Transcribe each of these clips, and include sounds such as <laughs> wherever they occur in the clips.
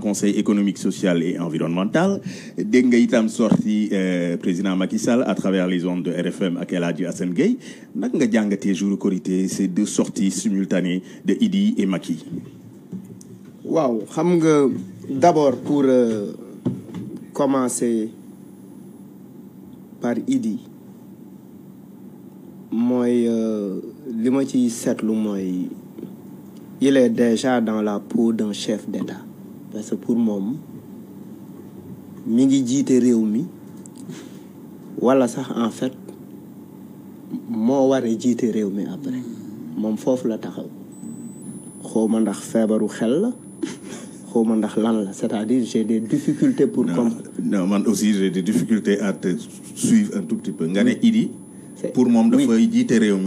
conseil économique, social et environnemental. Dégg itam sorti euh, président Macky Sall à travers les ondes de RFM à El Hadji Assane Gueye naka nga jàngatee jour corité, ces deux sorties simultanées de Idi et Macky. waaw d'abord pour euh, commencer par Idi moi, euh, il est déjà dans la peau d'un chef d'État parce que pour Moi, Mingi dit en fait Je suis dit réew après Mon fof la taxaw je xel la lan la c'est-à-dire j'ai des difficultés pour comprendre. non aussi j'ai des difficultés à te suivre un tout petit peu ngane pour moi,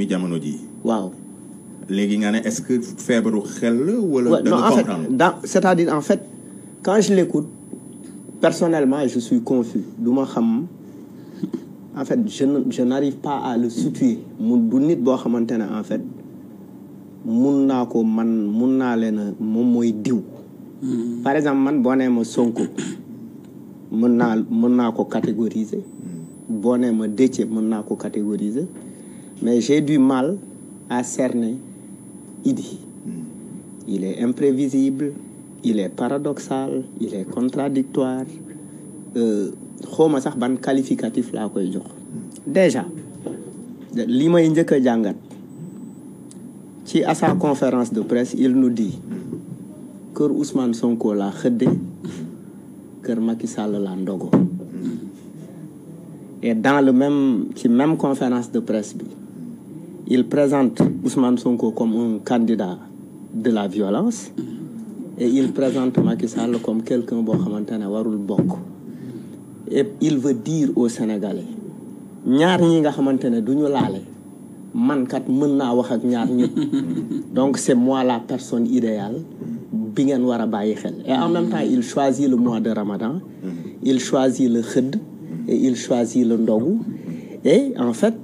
jamono ji waaw est-ce que je xel wala c'est-à-dire en fait quand je l'écoute, personnellement, je suis confus. En fait, je, n'arrive pas à le situer. Du nit boo xamante en fait mun ko man mun naa leen moom diw. Hmm. par exemple man boo nee ma Sonko suis naa ko catégoriser. Hmm. boo nee ma Déthié ko catégoriser mais j'ai du mal à cerner hmm. il est imprévisible il est paradoxal il est contradictoire sais euh, sax qualificatif déjà li à sa conférence de presse il nous dit que Ousmane Sonko l'a que Macky Sall et dans le même même conférence de presse il présente Ousmane Sonko comme un candidat de la violence et il présente Macky Sall comme quelqu'un bo xamantane warul bok et il veut dire aux Sénégalais ñaar ñi nga xamante duñu du man kat mën wax ak ñaar ñëpp <laughs> donc c'est moi la personne idéale bi ngeen wara et en même temps il choisit le mois de Ramadan mm-hmm. il choisit le khud et il choisit le ndogu et en fait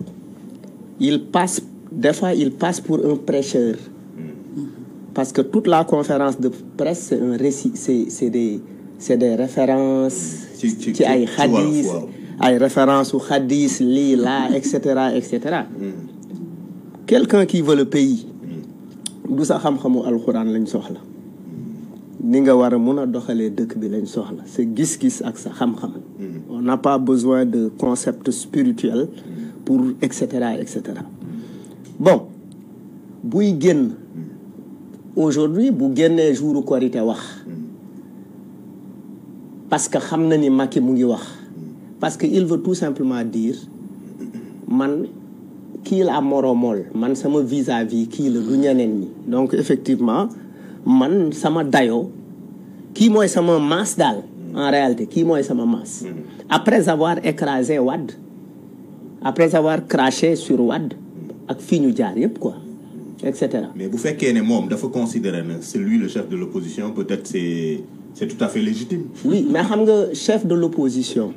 il passe des fois il passe pour un prêcheur parce que toute la conférence de presse, c'est un récit, c'est des, des références, qui ay hadith, ay références au hadith, li, là, etc. Mm. etc. Mm. Quelqu'un qui veut le pays, mm. du sa xam-xamu alxuraan lañ soxla ni nga war a mun a doxalee bi lañ soxla gis-gis ak sa xam-xam on n'a pas besoin de concepts spirituels pour et cetera et cetera bon buy aujourd'hui bu génnee jouru korité wax parce que xamna ni maké mu ngi wax parce qu'il veut tout simplement dire man ki la moromol man sama vis-à-vis ki le du ñeneen ni donc effectivement man sama dayo Qui mooy sama masse dal en réalité Qui mooy sama masse après avoir écrasé Wad... après avoir craché sur Wad... ak fii ñu jaar yépp quoi mais vous faites qu'un homme, il faut considérer que c'est lui le chef de l'opposition, peut-être c'est, c'est tout à fait légitime. Oui, mais le chef de l'opposition,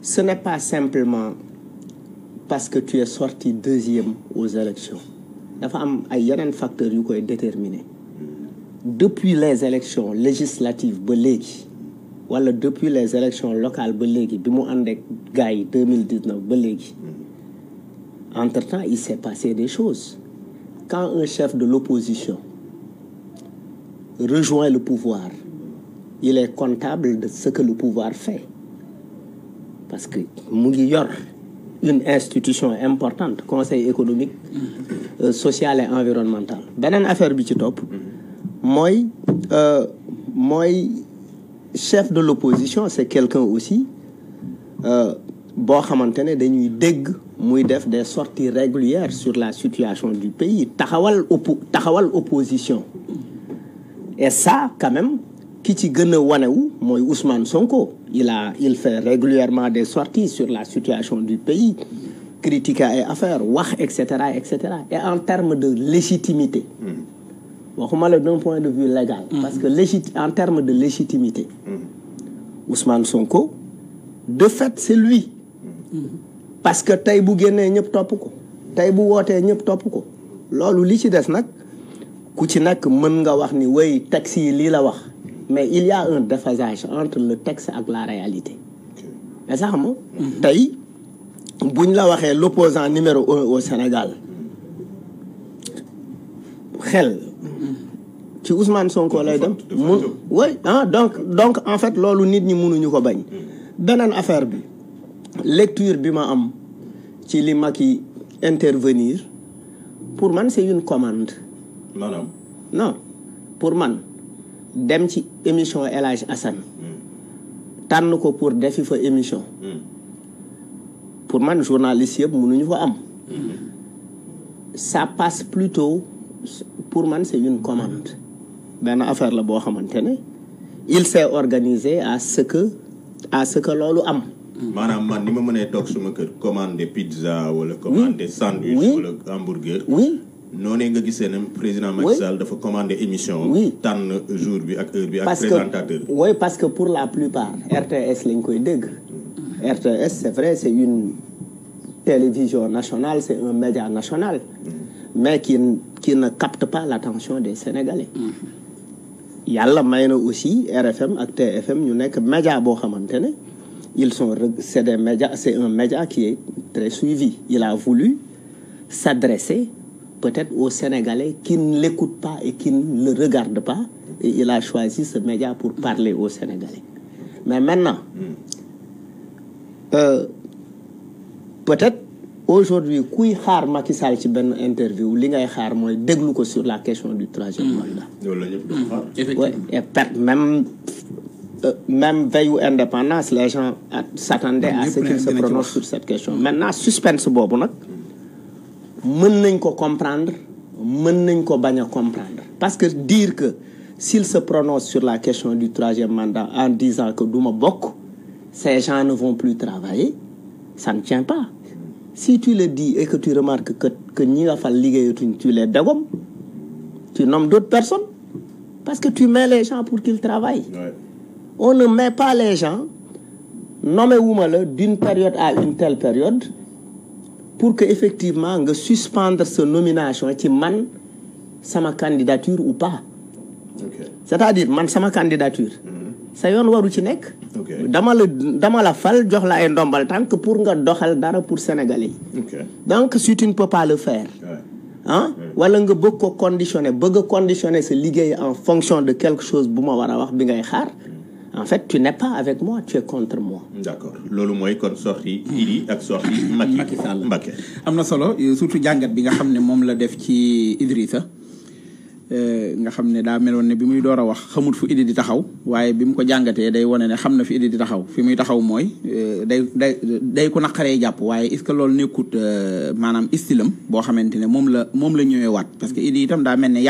ce n'est pas simplement parce que tu es sorti deuxième aux élections. Il y a un facteur qui est déterminé. Depuis les élections législatives, ou depuis les élections locales, en 2019, entre-temps, il s'est passé des choses quand un chef de l'opposition rejoint le pouvoir, il est comptable de ce que le pouvoir fait. Parce que Mugiyor, une institution importante, Conseil économique, mm-hmm. euh, social et environnemental. Benen affaire top mm-hmm. Moi, euh, chef de l'opposition, c'est quelqu'un aussi euh, il y a des sorties régulières sur la situation du pays Tahawal oppo taxawal opposition et ça quand même qui ci Ousmane Sonko il a il fait régulièrement des sorties sur la situation du pays critique et affaire wax et etc. et en termes de légitimité mm. waxuma le d'un point de vue légal mm. parce que en termes de légitimité mm. Ousmane Sonko de fait c'est lui parce que tay bu génnee ñëpp top ko tay bu woté ñëpp top ko lolu li ci des nak ku ci nak mën nga wax ni wéy taxi li la wax mais il y a un déphasage entre le texte ak la réalité mais ça ma tay buñ la waxé l'opposant numéro un au Sénégal xel ci Ousmane Sonko lay dem oui ah donc donc en fait lolu nit ñi mënuñu ko bañ mhm. beneen affaire bi lecture bi ma am ci li qui intervenir pour moi, c'est une commande. Non, non pour moi, dem ci émission El Hassan hmm. tan ko pour defi fa émission. Hmm. pour moi, man journaliste yëpp mënuñu ko am. Hmm. ça passe plutôt pour moi, c'est une commande. affaire la bo xamantene il s'est organisé à ce que à ce que lolu am je mm. man ni ma mënee toog ou commander des pizzas, des mm. sandwichs, ou des hamburgers. oui noonee nga le président Macky Sall dafa commandé émission tant jour bi ak heure bi présentateur oui parce que pour la plupart RTS est RTS c'est vrai c'est une télévision nationale c'est un média national mm. mais qui qui ne capte pas l'attention des Sénégalais Il y a aussi RFM ak TFM ñu nek média de xamante sont, c'est des médias, c'est un média qui est très suivi. Il a voulu s'adresser peut-être aux Sénégalais qui ne l'écoutent pas et qui ne le regardent pas. Et il a choisi ce média pour parler aux Sénégalais. Mais maintenant, euh, peut-être aujourd'hui kuy xaar Macky Sall ci interview li ngay déglu sur la question du trajet. et même même veille ou indépendance les gens s'attendaient à ce qu'ils se prononcent sur cette question maintenant suspense boobu maintenant mën nañ comprendre Je nañ ko comprendre parce que dire que s'il se prononce sur la question du troisième mandat en disant que ces gens ne vont plus travailler ça ne tient pas si tu le dis et que tu remarques que que tu les dégommes tu nommes d'autres personnes parce que tu mets les gens pour qu'ils travaillent on ne met pas les gens, nommez-vous le, d'une période à une telle période, pour que effectivement nga suspendre sa nomination ci man ma candidature ou pas. c'est-à-dire man ma candidature. Ça mhm. voit waru ci nekk. dama la dama la fal jox la ay ndombal tànk pour nga doxal dara pour sénégalais donc si tu ne peux pas le faire. Hein? wala nga bëgg conditionner bëgg conditionner ligue en fonction de quelque chose que tu as wax mm en fait tu n'es pas avec moi tu es contre moi. d'accord loolu moy kon sorti Idi ak sorti Macky Sall Mbacké am solo euh, surtout jàngat bi nga xamné mom la def ci Idrissa euh, nga xamné ne melone bi muy door wax xamul fu Idi di taxaw waye bi mu ko jangaté day woné né xamna na fi Idi di taxaw fi muy taxaw moy euh, day day day ko nakaré japp, waye est-ce que loolu nekkut manam istilam bo xamante ne moom la mom la ñëwé wat parce que Idi itam da mel ne